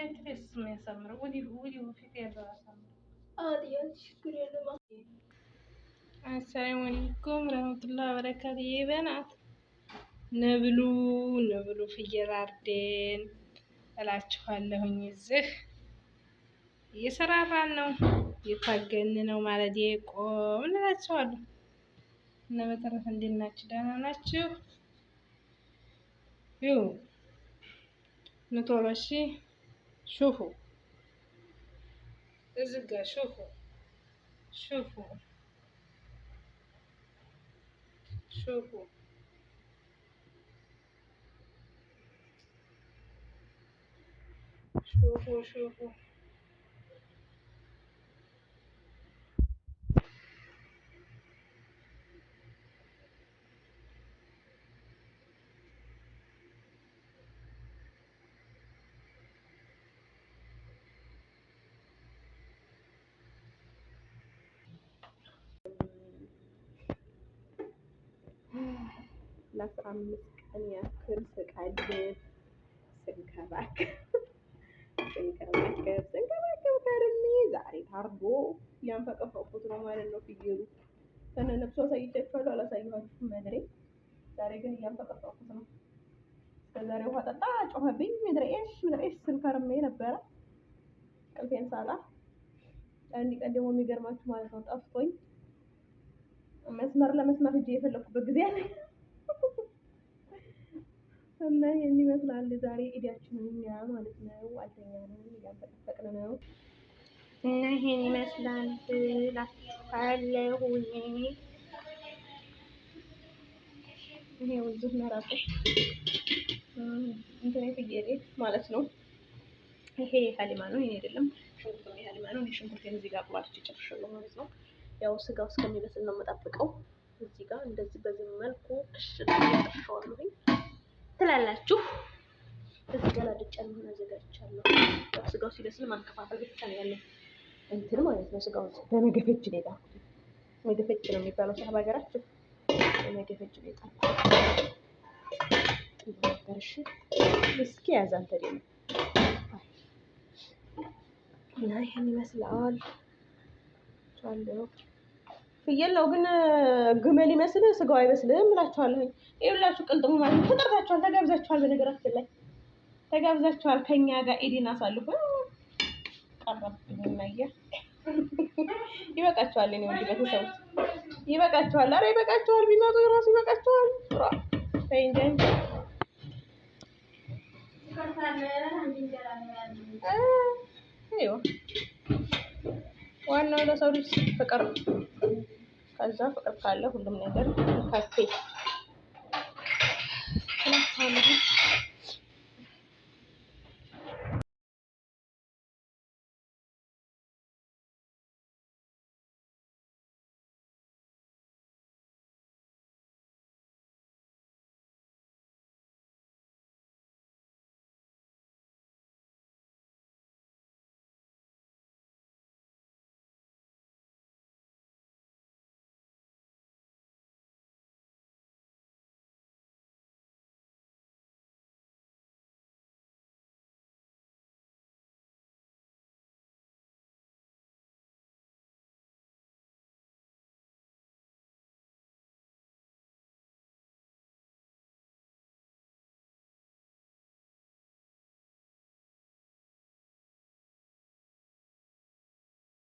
ፊት እሱ የሚያሳምረው ወዲሁ ወዲሁ ፊት ያለው አሳምረው። ችግር የለም። አሰላሙ አለይኩም ረህመቱላሂ በናት ነብሉ ነብሉ ፍየል አርደን እላችኋለሁኝ። እዚህ እየሰራራን ነው እየታገን ነው ማለት የቆምን እላችኋለሁ። እና በተረፈ እንዴት ናችሁ? ደህና ናችሁ? ይኸው ቶሎ እሺ 舒服，这是个舒服，舒服，舒服，舒服，舒服。ለአስራ አምስት ቀን ያክል ስቀልብ ስንከባከብ ስንከባከብ ስንከባከብ ከርሜ ዛሬ ታርጎ ያንፈቀፈቁት ነው ማለት ነው። ፍየሉ ከነነፍሱ አሳይቻችኋለሁ፣ አላሳየኋችሁም መድሬ። ዛሬ ግን እያንፈቀፈቁት ነው። ከዛሬ ውሃ ጠጣ ጮኸብኝ። ምድርሽ ምድርሽ ምድሬ ስል ከርሜ ነበረ እንቅልፌን ሳላ አንድ ቀን ደግሞ የሚገርማችሁ ማለት ነው ጠፍቶኝ መስመር ለመስመር እጅ የፈለኩበት ጊዜ አለ። እና ይህን ይመስላል ዛሬ ኢዳችንን እኛ ማለት ነው። ዋልተኛ ነው እያንጠቀጠቅን ነው እና ይህን ይመስላል ላችኋለሁ። ይሄ ውዙህ መራቁ እንትን ፍየሌ ማለት ነው። ይሄ ሀሊማ ነው። ይሄ አይደለም ሽንኩርት ሀሊማ ነው። ሽንኩርት እዚህ ጋር አቁላልቼ ጨርሻለሁ ማለት ነው። ያው ስጋው እስከሚበስል ነው የምጠብቀው። እዚህ ጋር እንደዚህ በዚህ መልኩ ክሽ ጨርሻዋለሁ። ትላላችሁ። እዚህ ጋር አድጫ ምን አዘጋጅቻለሁ። ስጋው ሲበስል ማንከፋፈል ብቻ ነው ያለው እንትን ማለት ነው። ስጋው በመገፈጭ ነው የጣልኩት። መገፈጭ ነው የሚባለው ሳህ ሀገራችን በመገፈጭ ነው የጣልኩት ነበር። እሺ እስኪ ያዝ አንተ ደግሞ እና ይህን ይመስላል አለው ፍየል ነው ግን ግመል ይመስልህ ስጋው አይመስልህም እላችኋለሁኝ። ይኸውላችሁ ቅልጥሙ ማለት ተጠርታችኋል፣ ተጋብዛችኋል። በነገራችን ላይ ተጋብዛችኋል። ከኛ ጋር ኤዲን አሳልፎ ቀረብኝ አየር ይበቃችኋል። እኔ ወንድ ቤተሰቦች ይበቃችኋል። አረ ይበቃችኋል። ቢመጡ ራሱ ይበቃችኋል። ተይ ዋናው ለሰው ልጅ ፍቅር ነው። ከዛ ፍቅር ካለ ሁሉም ነገር ከፌ